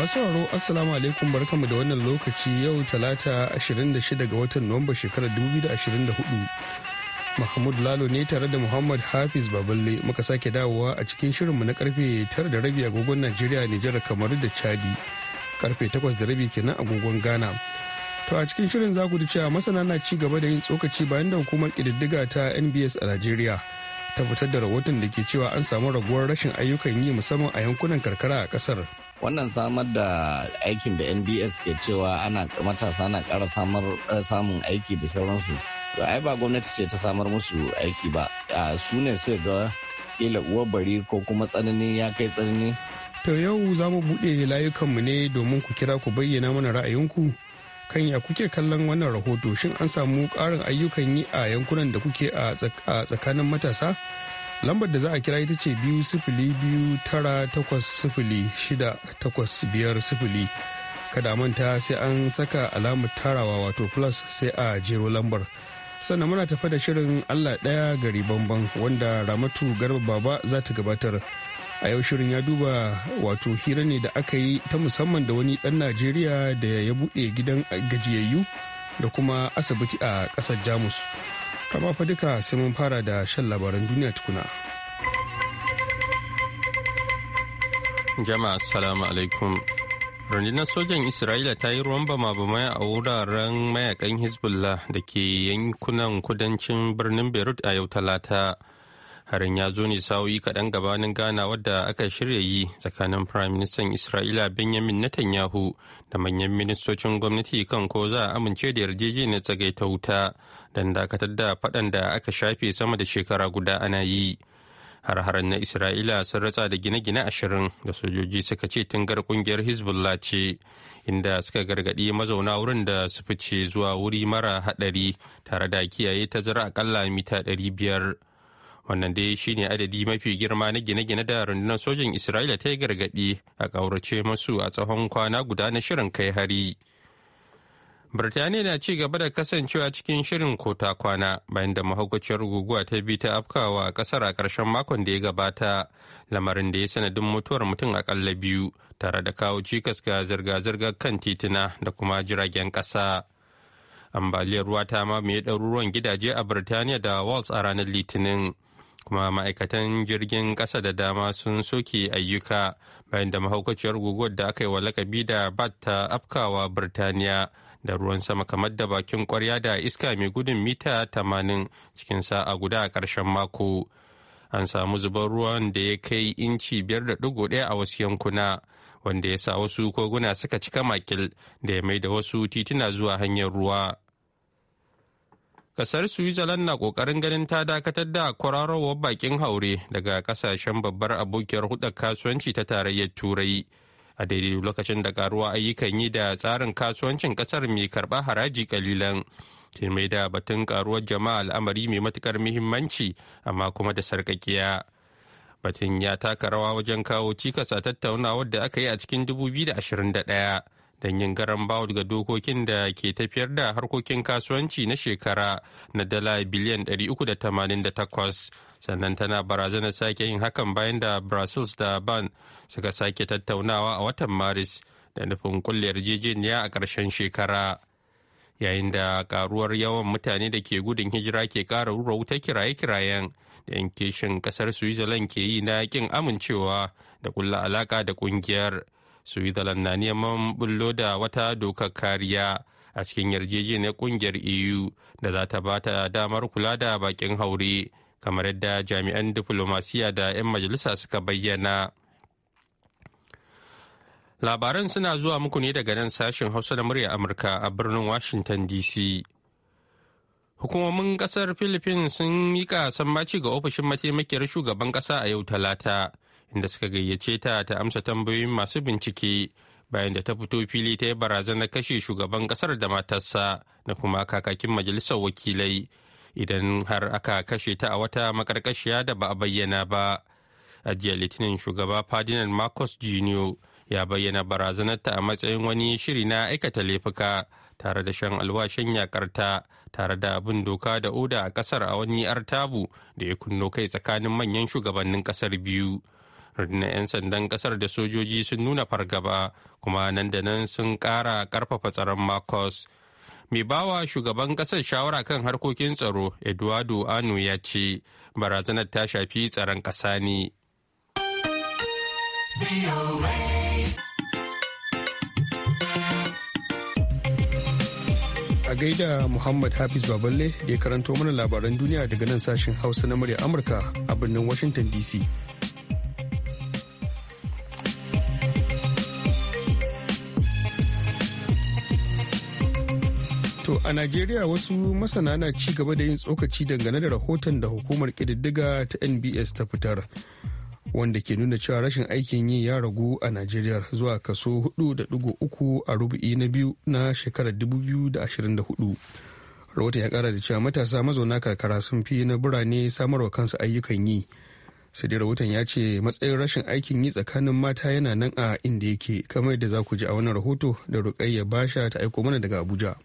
Masu sauraro Assalamu alaikum barkamu da wannan lokaci yau talata 26 ga watan Nuwamba shekarar 2024. Mahmud Lalo ne tare da Muhammad Hafiz Baballe muka sake dawowa a cikin shirinmu na karfe 9 da rabi agogon Najeriya Nijar kamar da Chadi. Karfe 8 da rabi kenan agogon Ghana. To a cikin shirin za ku ji cewa masana na ci gaba da yin tsokaci bayan da hukumar kididdiga ta NBS a Najeriya. ta fitar da rahoton da ke cewa an samu raguwar rashin ayyukan yi musamman a yankunan karkara a kasar. wannan samar da aikin da nds ke cewa ana matasa na kara eh, samun aiki da sauransu to ai ba gwamnati ce ta samar musu aiki ba su ne sai ga kila uwar bari ko kuma tsanani ya kai tsanani to yau za mu buɗe layukanmu ne domin ku kira ku bayyana mana ra'ayinku kan ya kuke kallon wannan rahoto shin an samu ƙarin ayyukan yi a yankunan da kuke a tsakanin matasa lambar da za a kira ita ce biyu sifili biyu tara takwas sifili shida takwas biyar sifili kada manta sai an saka alamar tarawa wato plus sai a jero lambar sannan muna tafa da shirin allah daya gari bamban wanda ramatu garba baba za ta gabatar a yau shirin ya duba wato hira ne da aka yi ta musamman da wani dan najeriya da ya buɗe gidan gajiyayyu da kuma asibiti a ƙasar jamus. kama fa duka sai mun fara da shan labaran duniya tukuna. Jama'a assalamu alaikum. Rundunar sojan Isra'ila ta yi ruwan bama bama a wuraren mayakan Hezbollah da ke yankunan kudancin birnin Beirut a yau talata. harin ya zo ne sa'o'i kaɗan gabanin gana wadda aka shirya yi tsakanin prime ministan isra'ila benjamin netanyahu da manyan ministocin gwamnati kan ko za a amince da yarjejeniyar tsagai ta wuta don dakatar da faɗan da aka shafe sama da shekara guda ana yi har-haren na isra'ila sun ratsa da gine-gine ashirin da sojoji suka ce tungar kungiyar hezbollah ce inda suka gargaɗi mazauna wurin da su fice zuwa wuri mara haɗari tare da kiyaye tazara akalla mita ɗari biyar. wannan dai shine adadi mafi girma na gine-gine da rundunar sojin isra'ila ta yi gargaɗi a ƙaurace masu a tsawon kwana guda na shirin kai hari birtaniya na ci gaba da kasancewa cikin shirin kota kwana bayan da mahaukaciyar guguwa ta bi ta afkawa a ƙasar a ƙarshen makon da ya gabata lamarin da ya sanadin mutuwar mutum aƙalla biyu tare da kawo cikas ga zirga-zirgar kan tituna da kuma jiragen ƙasa. ambaliyar ruwa ta mamaye ɗaruruwan gidaje a Birtaniya da waltz a ranar Litinin. kuma ma'aikatan jirgin ƙasa da dama sun soke ayyuka bayan da mahaukaciyar guguwar da aka yi wa lakabi da bat ta afkawa birtaniya da ruwan sama kamar da bakin kwarya da iska mai gudun mita 80 cikin sa'a guda a ƙarshen mako an samu zubar ruwan da ya kai inci ɗaya a wasu yankuna wanda ya sa wasu koguna suka cika makil da ya mai da wasu tituna zuwa hanyar ruwa Kasar Switzerland na kokarin ganin ta dakatar da kwararowar bakin haure daga kasashen babbar abokiyar hudar kasuwanci ta tarayyar Turai. A daidai lokacin da karuwa ayyukan yi da tsarin kasuwancin kasar mai karba haraji kalilan. mai da batun karuwar jama'a al'amari mai matukar muhimmanci amma kuma da sarkakiya. Batun ya taka rawa wajen kawo cikas a tattaunawar da aka yi a cikin da ɗaya. don yin garan bawul ga dokokin da ke tafiyar da harkokin kasuwanci na shekara na dala biliyan 388 sannan tana barazanar sake yin hakan bayan da brussels da ban suka sake tattaunawa a watan maris da nufin kulliyar jejeniya a ƙarshen shekara yayin da karuwar yawan mutane da ke gudun hijira ke kara rura wuta kiraye-kirayen da shin kasar switzerland ke yi na yakin amincewa da kulla alaƙa da ƙungiyar. switzerland na neman bullo da wata dokar kariya a cikin yarjejeniyar kungiyar eu da za ta ba ta damar kula da bakin haure kamar yadda jami'an diflomasiya da 'yan majalisa suka bayyana labaran suna zuwa muku ne daga nan sashen hausa da murya amurka a birnin washington dc hukumomin kasar philippines sun ka sammaci ga ofishin mataimakiyar shugaban kasa a yau talata inda suka gayyace ta ta amsa tambayoyin masu bincike bayan da ta fito fili ta yi barazanar kashe shugaban kasar da matarsa da kuma kakakin majalisar wakilai idan har aka kashe ta a wata makarkashiya da ba a bayyana ba ajiya litinin shugaba ferdinand marcus jr ya bayyana barazanar ta a matsayin wani shiri na aikata laifuka tare da shan alwashin yakarta tare da abin doka da oda a kasar a wani artabu da ya kunno kai tsakanin manyan shugabannin kasar biyu na 'yan sandan kasar da sojoji sun nuna fargaba kuma nan da nan sun kara karfafa tsaron marcos mai bawa shugaban kasar shawara kan harkokin tsaro eduardo anu ya ce barazanar ta shafi tsaron kasa ne a gaida Muhammad Hafiz Baballe da ya karanto mana labaran duniya daga nan sashen Hausa na murya Amurka a birnin Washington DC. a Najeriya wasu masana na ci gaba da yin tsokaci dangane da rahoton da hukumar ƙididdiga ta NBS ta fitar. Wanda ke nuna cewa rashin aikin yi ya ragu a Najeriya zuwa kaso 4.3 a rubu'i na biyu na shekarar 2024. Rahoton ya kara da cewa matasa mazauna karkara sun fi na birane samarwa kansu ayyukan yi. sai rahoton ya ce matsayin rashin aikin yi tsakanin mata yana nan a inda yake kamar da za ku ji a wannan rahoto da rukayya basha ta aiko mana daga abuja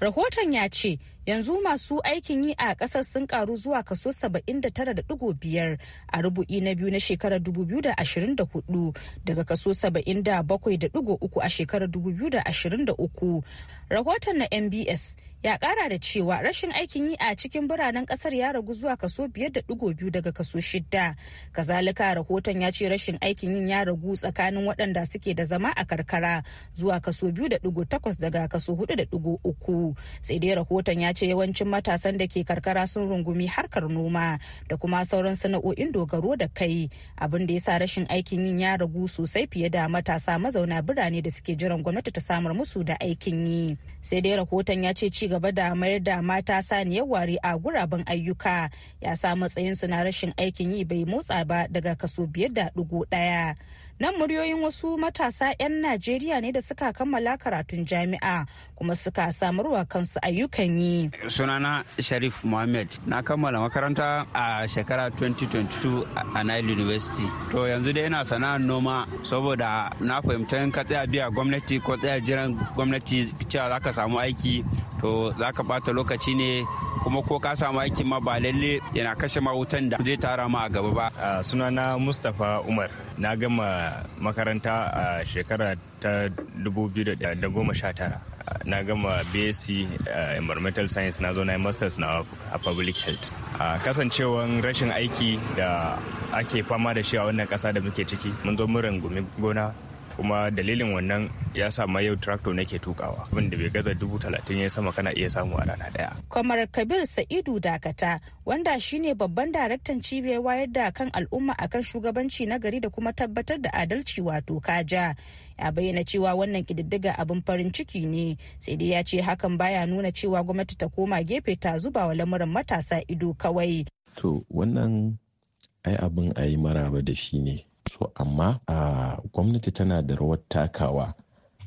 Rahoton ya ce yanzu masu aikin yi a kasar sun karu zuwa kaso 79.5 a rubu'i na biyu na shekarar 2024 daga kaso 77.3 a shekarar 2023. Rahoton na MBS ya kara da cewa rashin aikin yi a cikin biranen kasar ya ragu zuwa kaso biyar da digo biyu daga kaso shidda kazalika rahoton ya ce rashin aikin yin ya ragu tsakanin waɗanda suke da zama a karkara zuwa kaso biyu da digo takwas daga kaso hudu da digo uku sai dai rahoton ya ce yawancin matasan da ke karkara sun rungumi harkar noma da kuma sauran sana'o'in dogaro da kai abin da ya sa rashin aikin yin ya ragu sosai fiye da matasa mazauna birane da suke jiran gwamnati ta samar musu da aikin yi sai dai rahoton ya ce ci gaba da mayar da mata saniyar wari a guraben ayyuka ya sa matsayinsu na rashin aikin yi bai motsa ba daga kaso biyar da dugu daya nan muryoyin wasu matasa 'yan najeriya ne da suka kammala karatun jami'a kuma suka samarwa kansu ayyukan yi sunana sharif mohammed na kammala makaranta a shekara 2022 a nile university to yanzu dai ina sana'ar noma saboda na fahimta in ka tsaya biya gwamnati ko tsaya jiran gwamnati cewa za ka samu aiki to za ka bata lokaci ne kuma ko ka samu aikin ma ba lalle yana kashe ma wutan da zai tara ma a gaba ba sunana mustapha umar na gama makaranta a shekara ta 2019 na gama bsc environmental science na zo na masters na a public health kasancewan rashin aiki da ake fama da shi a wannan kasa da muke ciki mun zo mun rungumi gona kuma dalilin wannan ya sa ma yau tractor nake tukawa abin da bai gaza dubu talatin ya sama kana iya samu a rana daya. kwamar kabir sa'idu dakata wanda shine babban daraktan cibiyar wayar da kan al'umma akan shugabanci na gari da kuma tabbatar da adalci wato kaja ya bayyana cewa wannan kididdiga abin farin ciki ne sai dai ya ce hakan baya nuna cewa gwamnati ta koma gefe ta zuba wa lamuran matasa ido kawai. to wannan ai abin ayi yi maraba da shi ne So amma a gwamnati tana da rawar takawa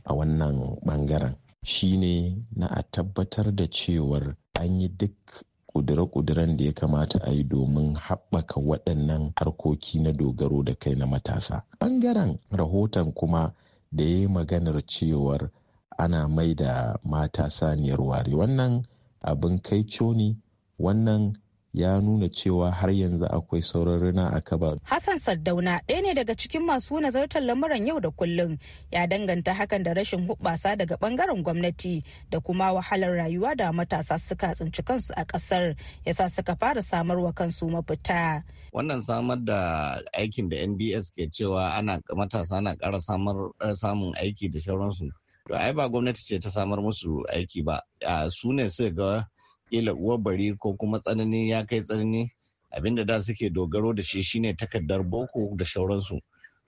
a wannan bangaren shine na a tabbatar da cewar an yi duk kudura-kuduran da ya kamata a yi domin haɓaka waɗannan harkoki na dogaro da kai na matasa. Bangaren rahoton kuma da ya yi maganar cewar ana mai da mata saniyar ware wannan abin kai ne wannan ya nuna cewa har yanzu akwai sauran rina a kabar. Hassan Saddauna ɗaya ne daga cikin masu nazartar lamuran yau da kullum ya danganta hakan da rashin hubbasa daga bangaren gwamnati da kuma wahalar rayuwa da matasa suka tsinci kansu a ƙasar sa suka fara samarwa kansu mafita. Wannan samar da aikin da NBS ke cewa ana matasa na ƙara eh, samun aiki da sauransu. To ai ba gwamnati ce ta samar musu aiki ba, su ne suka ga kila uwar bari ko kuma tsanani ya kai tsanani abinda da suke dogaro da shi shine takardar boko da shauransu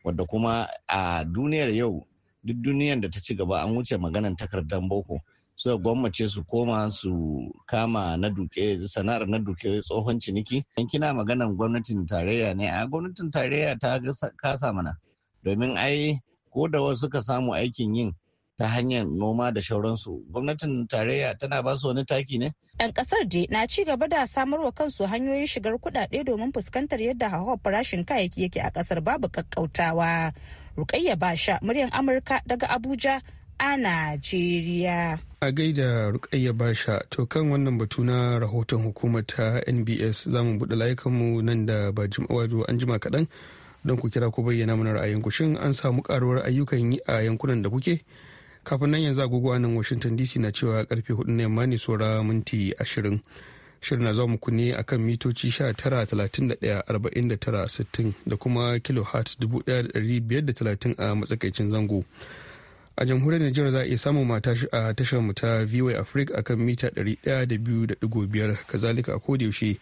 wadda kuma a duniyar yau duk duniyar da ta ci gaba an wuce maganan takardar boko suka gwammace su koma su kama na duke sana'ar na duke tsohon ciniki in kina maganan gwamnatin tarayya ne a gwamnatin tarayya ta kasa mana domin ai ko da wasu suka samu aikin yin ta hanyar noma da shauransu gwamnatin tarayya tana ba su wani taki ne yan ƙasar je na ci gaba da samarwa kansu hanyoyin shigar kuɗaɗe domin fuskantar yadda hawa farashin kayayyaki yake a kasar babu kakkautawa rukayya basha muryan amurka daga abuja a najeriya a gaida rukayya basha to kan wannan batu na rahoton hukumar ta nbs za mu buɗe layukanmu nan da ba an jima kaɗan don ku kira ku bayyana mana ra'ayinku shin an samu karuwar ayyukan yi a yankunan da kuke kafin nan yanzu agogo a nan washington dc na cewa karfe 4 na yamma ne saura minti ashirin shirin na mu kunne a kan mitoci 19,31,49,60 da kuma kilohertz 1,530 a matsakaicin zango a jamhuriyar nigeria za a iya samun mata a tashar mu ta VOA Africa a kan mita 102.5 kazalika a kodayaushe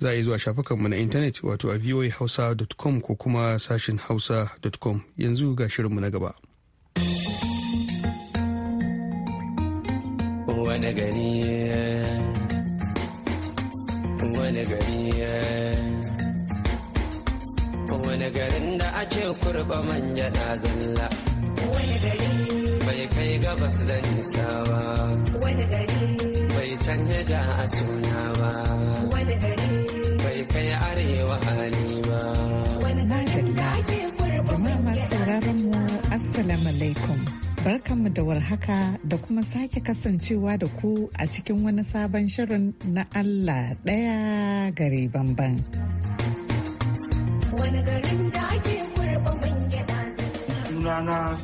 za a yi zuwa shafukanmu na intanet wato a voahausa.com ko kuma sashin hausa.com yanzu ga shirinmu na gaba. wani gari wani gari wani garin da ake kurba manja na zalla wani gari bai kai gabas da nisa ba wani gari bai canje ja a suna ba wani gari bai kai arewa hali ba wani gari da ake kurba manja na zalla assalamu alaikum Barkanmu da warhaka da kuma sake kasancewa da ku a cikin wani sabon shirin na Allah ɗaya gari banban. Sunana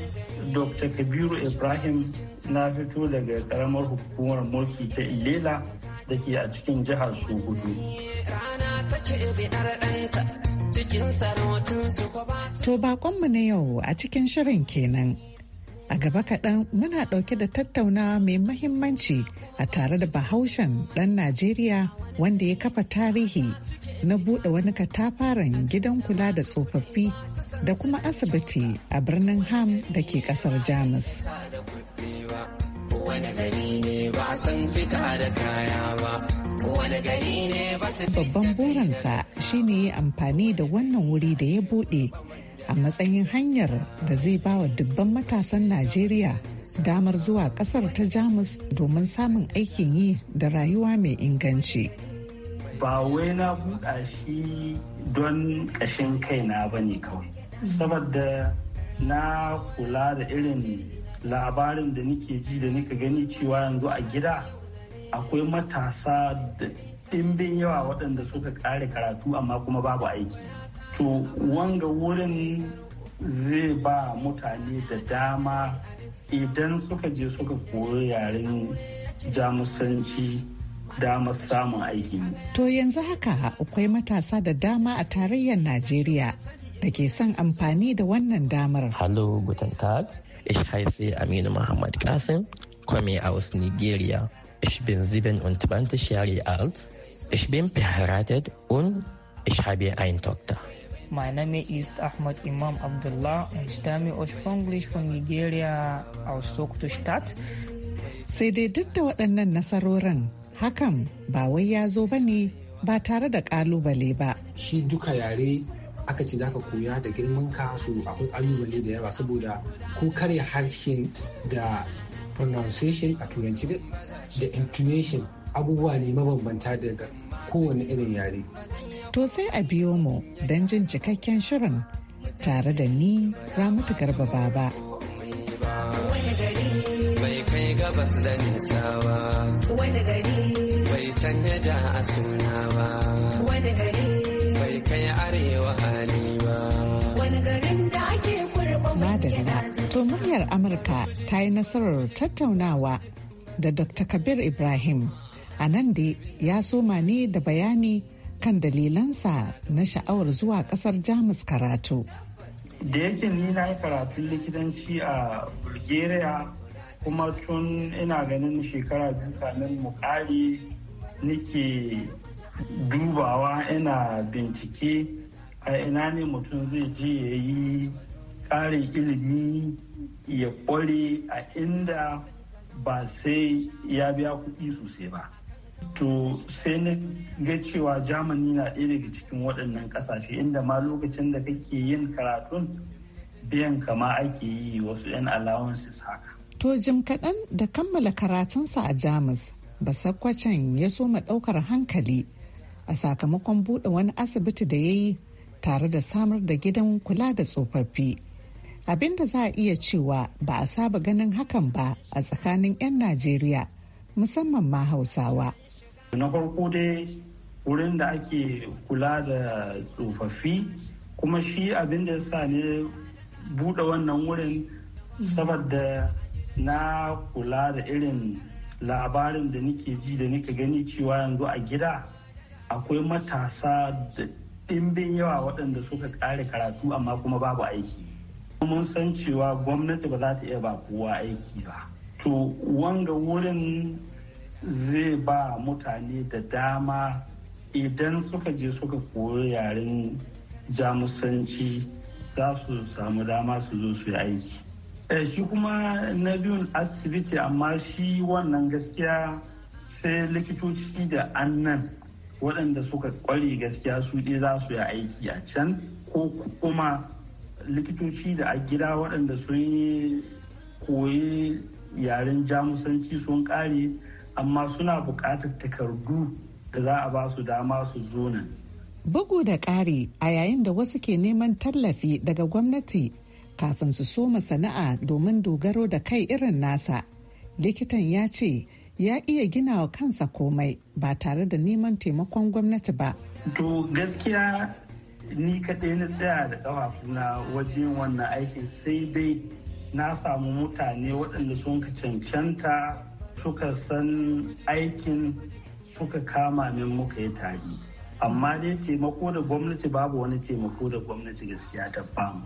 Dr. Kabiru Ibrahim na fito daga ƙaramar hukumar mulki ta Ilela da ke a cikin jihar Sokoto. To bakonmu na yau a cikin shirin kenan. A gaba kaɗan muna ɗauke da tattaunawa mai mahimmanci a tare da bahaushen ɗan Najeriya wanda ya kafa tarihi na buɗe wani katafaren gidan kula da tsofaffi da kuma asibiti a birnin Ham da ke ƙasar Jamus. Babban burinsa shine amfani da wannan wuri da ya buɗe a matsayin hanyar da zai ba wa dubban matasan Najeriya damar zuwa kasar ta Jamus domin samun aikin yi da rayuwa mai inganci. Ba wai na buɗa shi don ƙashin kaina ba ne kawai. Saboda na kula da irin labarin da nike ji da nika gani cewa yanzu a gida akwai matasa da ɗimbin yawa waɗanda suka ƙare karatu amma kuma babu aiki. to wanga wurin zai ba mutane da dama idan suka je suka koyi yaren jamusanci damar samun aiki. To yanzu haka akwai matasa da dama a tarayyar Najeriya da ke son amfani da wannan damar. Hello, guten Tag. Ich heiße Aminu Muhammad Kasim, komme aus Nigeria. Ich bin 27 Jahre alt. Ich bin verheiratet und ich habe eine Tochter. My name is Ahmad Imam Abdullah and Stami english from Nigeria, our Sokoto State. Sai dai duk da waɗannan nasarorin hakan ba wai ya zo ba ne ba tare da ƙalubale ba. Shi duka yare aka ce zaka koya da girman ka su akwai ƙalubale da yawa saboda ko karya harshen da pronunciation a turanci da intonation abubuwa ne mabambanta daga kowane irin yare. To sai a biyo mu don jin cikakken shirin tare da ni Ramatu Garba Baba. Bai kai gabas da nisa ba. Wani gari. Bai canja ja a suna ba. Wani gari. Bai kai arewa hali ba. Wani garin da ake kurba Madalla, to muryar Amurka ta yi nasarar tattaunawa da Dr. Kabir Ibrahim. a nan da ya soma ne da bayani kan dalilansa na sha'awar zuwa kasar jamus karatu da yake ni na yi karatun likitanci a bulgaria kuma tun ina ganin shekara biyu kamin mukari nake dubawa ina bincike a ina ne mutum zai je ya yi ƙarin ilimi ya ƙware a inda ba sai ya biya kuɗi sosai ba to sai na ga cewa germany na ɗaya daga cikin waɗannan ƙasashe inda ma lokacin da kake yin karatun biyan kama ake yi wasu 'yan allowances haka to jim kaɗan da kammala karatunsa a jamus basakwacen ya soma ɗaukar hankali a sakamakon buɗe wani asibiti da ya yi tare da samar da gidan kula da tsofaffi abinda za a iya cewa ba a saba ganin hakan ba a tsakanin 'yan najeriya musamman ma hausawa na farko dai wurin da ake kula da tsofaffi kuma shi abin da sa ne buɗe wannan wurin saboda na kula da irin labarin da nake ji da nake gani cewa yanzu a gida akwai matasa da ɗimbin yawa waɗanda suka ƙare karatu amma kuma babu aiki mun san cewa gwamnati ba za ta iya ba kowa aiki ba to wanga wurin zai ba mutane da dama idan suka je suka koyi yaren jamusanci za su samu dama su zo su yi aiki eh, shi kuma na biyun asibiti amma shi wannan gaskiya sai likitoci da annan waɗanda suka ƙware gaskiya su ɗi za su yi aiki a can ko kuma likitoci da a gida waɗanda sun yi koyi yaren jamusanci sun ƙare amma suna bukatar takardu da za a ba su dama su zo nan. Bugu da ƙari a yayin da wasu ke neman tallafi daga gwamnati kafin su soma sana'a domin dogaro da kai irin nasa. Likitan ya ce ya iya gina wa kansa komai ba tare da neman taimakon gwamnati ba. To gaskiya ni kaɗai na tsaya da ƙafafuna wajen wannan aikin sai dai na samu mutane waɗanda sun ka cancanta suka san aikin suka kama min muka yi tari amma dai taimako da gwamnati babu wani taimako da gwamnati gaskiya ta bamu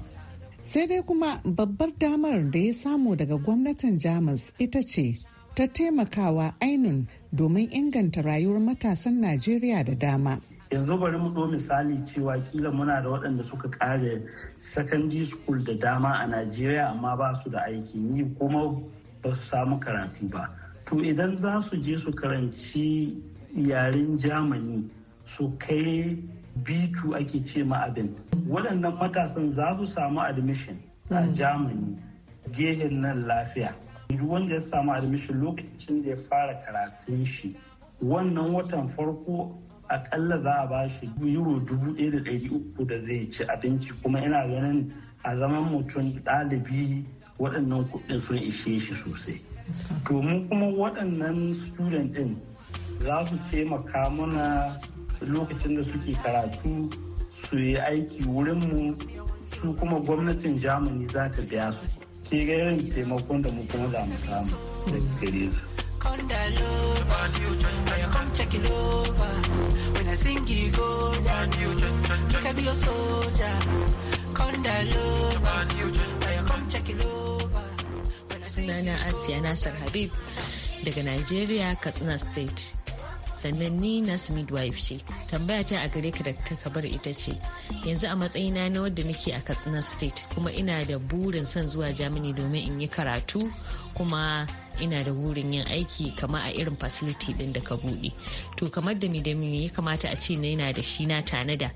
sai dai kuma babbar damar da ya samu daga gwamnatin jamus ita ce ta taimakawa ainun domin inganta rayuwar matasan najeriya da dama yanzu bari mu do misali cewa kila muna da waɗanda suka ƙare secondary school da dama a najeriya amma ba su da aiki ni kuma ba su samu karatu ba to idan za su je su karanci yaren jamani su kai b2 ake ce ma abin waɗannan matasan za su samu admission a jamani mm. gehen nan lafiya duk wanda ya samu admission lokacin da ya fara karatun shi wannan watan farko akalla za a bashi euro dubu ɗaya da da zai ci abinci kuma ina ganin a zaman mutum ɗalibi waɗannan kuɗin sun ishe shi sosai domin kuma waɗannan student ɗin za su taimaka mana lokacin da suke karatu su yi aiki wurinmu su kuma gwamnatin germany za ta biya su ke ga taimakon da mu kuma za mu samu da gare su Kondalo, sunana asiya nasar habib daga nigeria katsina state sannan ni nas midwife ce tambaya ta a gare ka da ta kabar ita ce yanzu a matsayina na wadda nake a katsina state kuma ina da burin son zuwa germany domin in yi karatu kuma ina da wurin yin aiki kama a irin facility din da ka buɗe to kamar da midami ya kamata a ce na yana da shi na tanada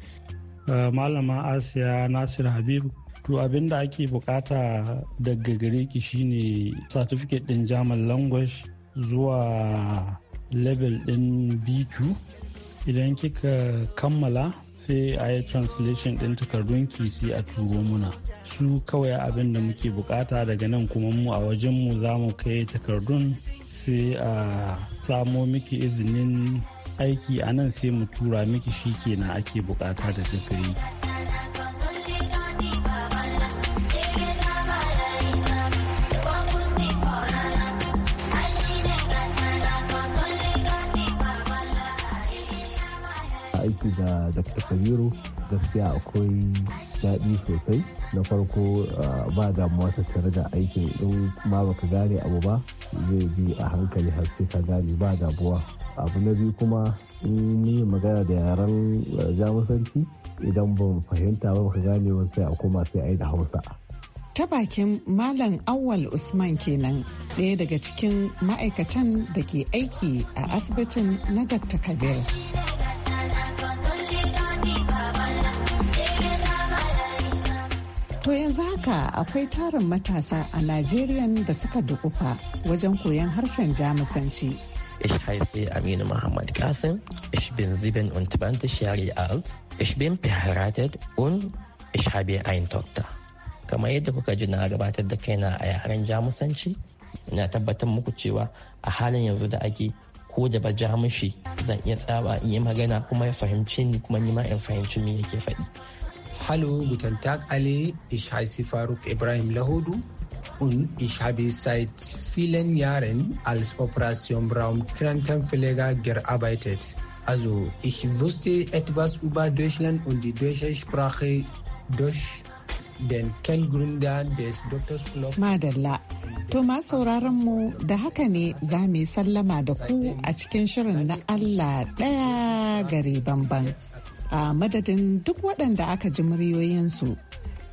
uh, malama asiya nasir habibu to abin da ake bukata daga gare ki shine certificate din german language zuwa level din b2 idan kika kammala sai a yi translation din ki sai a turo muna su kawai abin da muke bukata daga nan kuma mu a wajenmu za mu kai takardun sai a samo miki izinin aiki a nan sai mu tura miki shi kenan ake bukata da takardun. aiki da dr kabiru gaskiya akwai daɗi sosai na farko ba damuwa ta tare da aikin in ma baka gane abu ba zai bi a hankali har sai ka gane ba damuwa abu na biyu kuma in ni magana da yaren jamusanci idan ban fahimta ba baka gane wani sai a koma sai a yi da hausa ta bakin Malam Awal Usman kenan ɗaya daga cikin ma'aikatan da ke aiki a asibitin na Dr. kabiru. To yanzu haka akwai tarin matasa a najeriyan da suka dukufa wajen koyon harshen Jamusanci. Ich heiße Amine Muhammad Qasim, ich bin 27 Jahre alt, ich bin verheiratet und ich habe eine Tochter. Kamar yadda kuka ji na gabatar da kaina a yaren Jamusanci, ina tabbatar muku cewa a halin yanzu da ake ko da ba jamushi zan iya tsaba in yi magana kuma ya fahimci ni kuma ni ma in fahimci me yake faɗi. Hallo, guten Tag alle. Ich heiße Faruk Ibrahim Lahodu und ich habe seit vielen Jahren als Operation Raum Krankenpfleger gearbeitet. Also ich wusste etwas über Deutschland und die deutsche Sprache durch den Gründer des Doctors Club. Madalla. To ma sauraron mu da haka ne za mu sallama da ku a cikin shirin na Allah ɗaya gare bamban. a madadin duk waɗanda aka ji muryoyinsu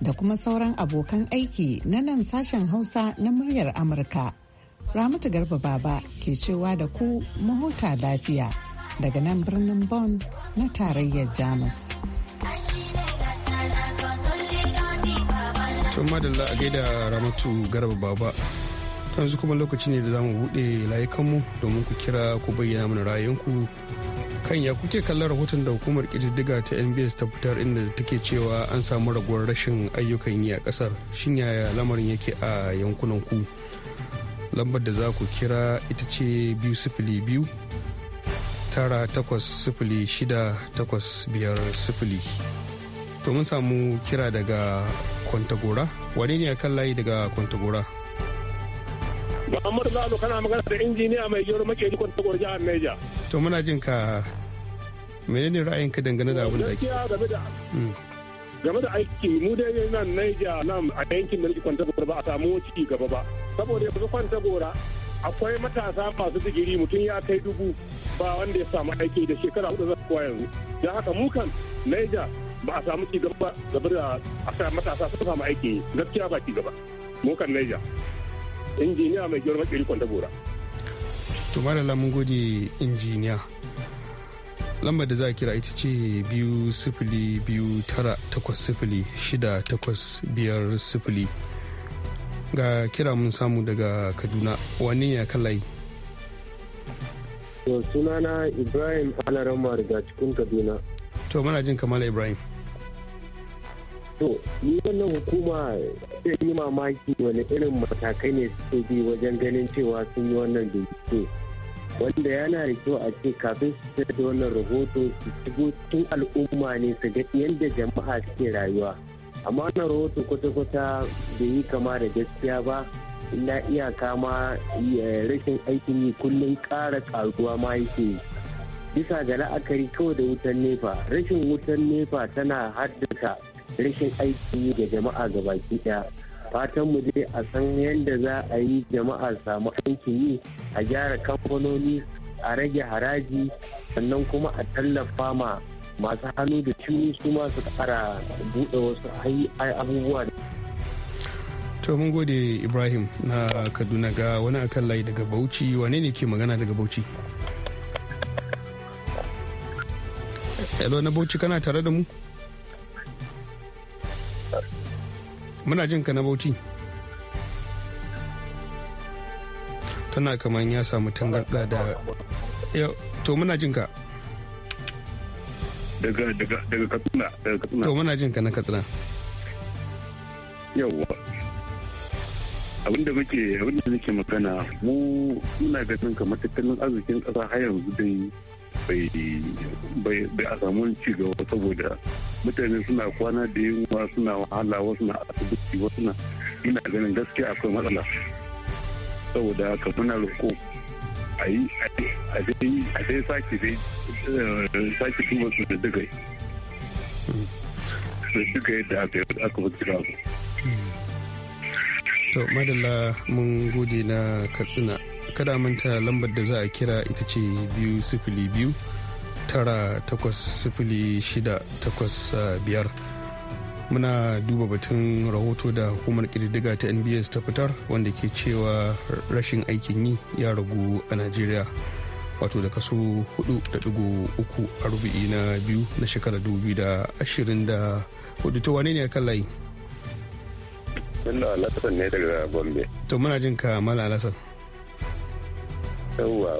da kuma sauran abokan aiki na nan sashen hausa na muryar amurka ramatu garba baba ke cewa da ku mahuta lafiya daga nan birnin Bon na tarayyar jamus madalla a gaida ramatu garba baba yanzu kuma lokaci ne da za mu buɗe layukanmu domin ku kira ku bayyana mana ku kan ya kuke kallon rahoton da hukumar ƙididdiga ta nbs ta fitar inda take cewa an samu raguwar rashin ayyukan yi a kasar shin yaya lamarin yake a yankunan ku lambar da za ku kira ita ce biyu sifili biyu tara takwas sifili shida takwas biyar sifili to mun samu kira daga kwantagora wane ne a kan layi daga kwantagora Muhammadu Lalo kana magana da injiniya mai gero makeri kwantagwar jihar Neja. To muna jin ka menene ra'ayinka dangane da abin da ake? Hmm. game da aiki mu dai nan Neja nan a yankin da nake kwantagwar ba a samu ci gaba ba. Saboda yanzu gora akwai matasa masu digiri mutum ya kai dubu ba wanda ya samu aiki da shekara hudu za kowa yanzu. Da haka mu kan Neja ba a samu ci gaba da a matasa sun samu aiki gaskiya ba ci gaba. Mu kan Neja. injiniya mai girma kiri kwanta bora to malala mun gode injiniya lambar da za a kira ita ce biyu sifili biyu tara takwas sifili shida takwas biyar sifili ga kira mun samu daga kaduna wani ya kalayi to sunana ibrahim alarama daga cikin kaduna to mana jin kamala ibrahim to ni wannan hukuma sai yi mamaki wani irin matakai ne suke bi wajen ganin cewa sun yi wannan bincike wanda yana da kyau a ce kafin su fitar da wannan rahoto su shigo cikin al'umma ne su ga yadda jama'a suke rayuwa amma wannan rahoto kwata-kwata bai yi kama da gaskiya ba na iyaka ma eh, rashin aikin yi kullum ƙara ƙaruwa ma yake bisa ga la'akari kawai da wutan nefa rashin wutan nefa tana haddasa rashin aiki ga jama'a ga baki daya fatan mu dai a san yadda za a yi jama'a samu aikin yi a gyara kamfanoni a rage haraji sannan kuma a tallafa ma masu hannu da cuni su masu kara buɗe wasu abubuwa to mun gode ibrahim na kaduna ga wani akan layi daga bauchi wane ne ke magana daga bauchi hello na bauchi kana tare da mu muna jin ka na bauchi tana kamar ya samu tangarɗa da to muna jin ka daga daga katsina daga katsina to muna jin ka na katsina yawwa abinda muke abinda muke magana mu muna ganin kamar tattalin arzikin kasa har yanzu dai bai bai a samu ci gaba saboda mutane suna kwana da yunwa suna wahala wasu na asibiti wasu na ina ganin gaskiya akwai matsala saboda haka muna roƙo a yi a dai sake dai eh, sake tuba su da dukai da dukai da aka yi aka kira su. to madalla mun gode na katsina kada manta lambar da za a kira ita ce biyu sifili biyu tara takwas sifili shida takwas eh, biyar muna duba batun rahoto da hukumar ƙididdiga ta nbs ta fitar wanda ke cewa rashin aikin yi ya ragu a najeriya wato da kaso 4.3 a rubu'i na biyu na shekarar 2024 to wane ne a kan layi? Mala Alasan ne daga bombay. To muna jin ka Mala Alasan. Yawwa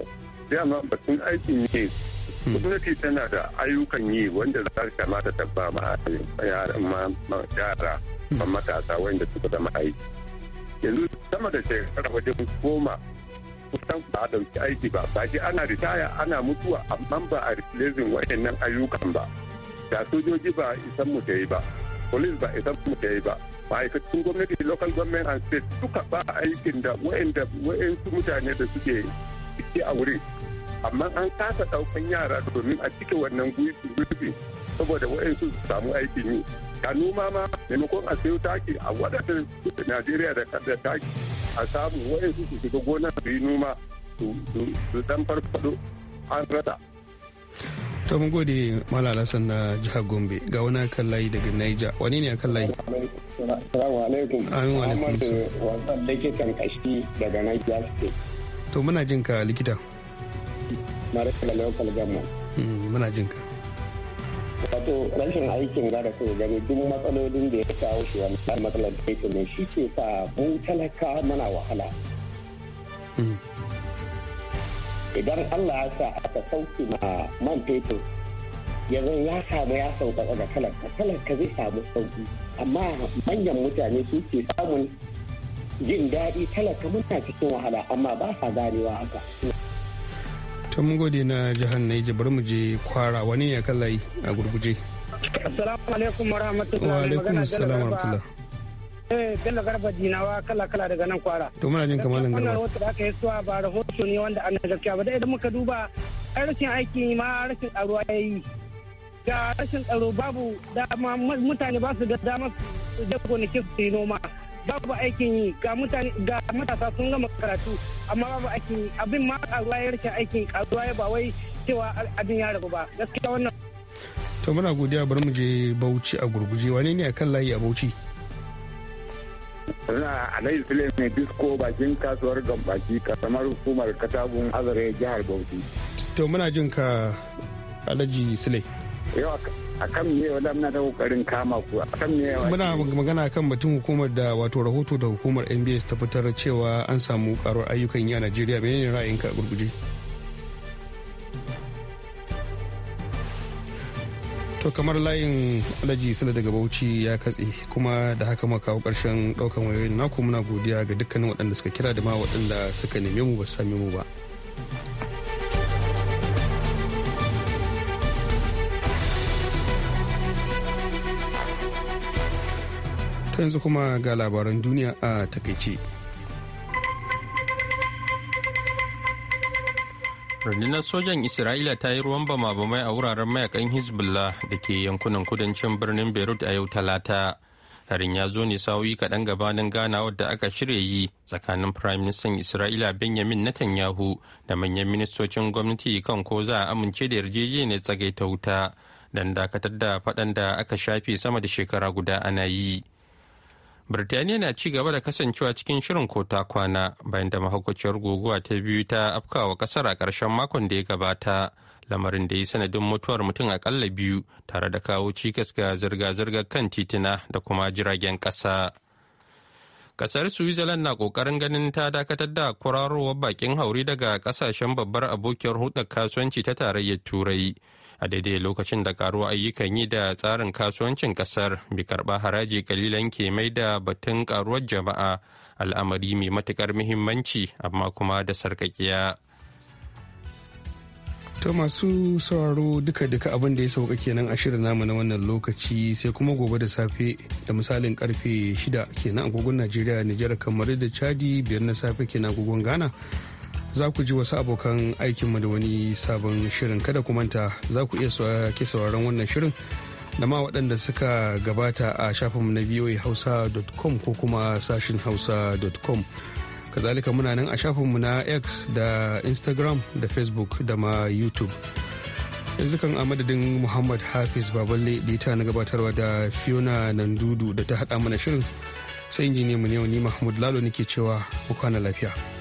dama batun aikin yi hmm. gwamnati tana da ayyukan yi wanda za ta kamata ta ba ma yara hmm. ma matasa wanda suka zama aiki yanzu sama da shekara wajen koma kusan ba a dauki aiki ba ba shi ana ritaya ana mutuwa amma ba a replacing wayannan ayyukan ba da sojoji ba isan mu ta yi ba polis ba isan mu ta yi ba ma'aikacin gwamnati local government and state duka ba aikin da wayanda wayansu mutane da suke ciki a wuri amma an kasa ɗaukan yara domin a cike wannan gurbi saboda waɗansu su samu aikin yi ka noma ma maimakon a sayo taki a wadatar najeriya da kada taki a samu waɗansu su shiga gona su yi noma su dan farfado an rasa to mun gode malala na jihar gombe ga wani akan layi daga naija wani ne akan layi salamu alaikum amin wa alaikum eh, wasan likitan kashi daga naija state to muna jin ka likita hmm, muna jin ka wato rashin aikin gara ko gani duk matsalolin da ya kawo shi wannan matsalar da ne shi ke sa mu talaka mana wahala hmm. idan Allah ya sa aka sauki ma man fetur yanzu ya samu ya sauka daga talaka talaka zai samu sauki amma manyan mutane su ke samun jin daɗi talaka muna cikin wahala amma ba sa ganewa haka. ta mun gode na jihar Naija bari mu je kwara wani ya kan layi a gurguje. Assalamu alaikum wa rahmatullahi wa alaikum assalam wa rahmatullahi. Eh Bello Garba Dinawa kala kala daga nan kwara. To muna jin kamar Garba. Wannan rahoto da aka yi suwa ba rahoto ne wanda ana gaskiya ba da idan muka duba rashin aiki ma rashin tsaro yayi. Ga rashin tsaro babu dama mutane ba su da dama su je gonakin su yi noma. babu aikin yi ga mutane ga matasa sun gama karatu amma babu aikin yi abin ma karuwa ya rike aikin karuwa ya ba wai cewa abin ya rabu ba gaskiya wannan to muna godiya bari mu je Bauchi a gurguje wane ne akan layi a Bauchi Suna Alhaji Sule mai disko bakin kasuwar gambaki kamar hukumar katagun azare jihar Bauchi. To muna jin ka Alhaji Sule. Yau akan me wadda muna ta kokarin kama ku akan me muna magana kan batun hukumar da wato rahoto da hukumar NBS ta fitar cewa an samu karuwar ayyukan yi a Najeriya menene ra'ayinka a gurguje to kamar layin alaji sanar daga bauchi ya katse kuma da haka muka kawo karshen daukan wayoyin naku muna godiya ga dukkanin waɗanda suka kira da ma waɗanda suka neme mu ba su same mu ba yanzu kuma ga labaran duniya a takaice. rundunar sojan isra'ila ta yi ruwan bama-bamai a wuraren mayakan hezbollah da ke yankunan kudancin birnin beirut a yau talata harin ya zo ne sa'o'i kaɗan gabanin ganawar da aka shirya yi tsakanin firaministan isra'ila benjamin netanyahu da manyan ministocin gwamnati kan ko za a amince da yarjejeniyar tsagaita wuta don dakatar da faɗan da aka shafe sama da shekara guda ana yi birtaniya na ci gaba da kasancewa cikin shirin kota kwana bayan da mahaukaciyar guguwa ta biyu ta afkawa kasar a ƙarshen makon da ya gabata lamarin da ya sanadin mutuwar mutum akalla biyu tare da kawo cikas ga zirga-zirgar kan titina da kuma jiragen ƙasa. kasar switzerland na kokarin ganin ta dakatar da kwararowar bakin hauri daga kasashen babbar abokiyar hudar kasuwanci ta tarayyar turai a daidai lokacin da karuwa ayyukan yi da tsarin kasuwancin kasar bi karba haraji kalilan ke mai da batun karuwar jama'a al'amari mai matukar muhimmanci amma kuma da sarkakiya To masu sauraro duka-duka abin da ya sauka kenan a shirin namu na wannan lokaci sai kuma gobe da safe da misalin karfe shida kenan agogon Najeriya Nijar kamar da Chadi biyar na safe kenan agogon Ghana za ku ji wasu abokan aikinmu da wani sabon shirin kada ku manta za ku iya ke sauraron wannan shirin da ma waɗanda suka gabata a shafinmu na hausa.com ko kuma sashin hausa.com kazalika muna nan a shafinmu na x da instagram da facebook da ma youtube yanzu kan a madadin muhammad hafiz baballe da na gabatarwa da fiona nandudu da ta haɗa mana shirin sai injiniya mu ne ni mahmud lalo nake cewa mu kwana lafiya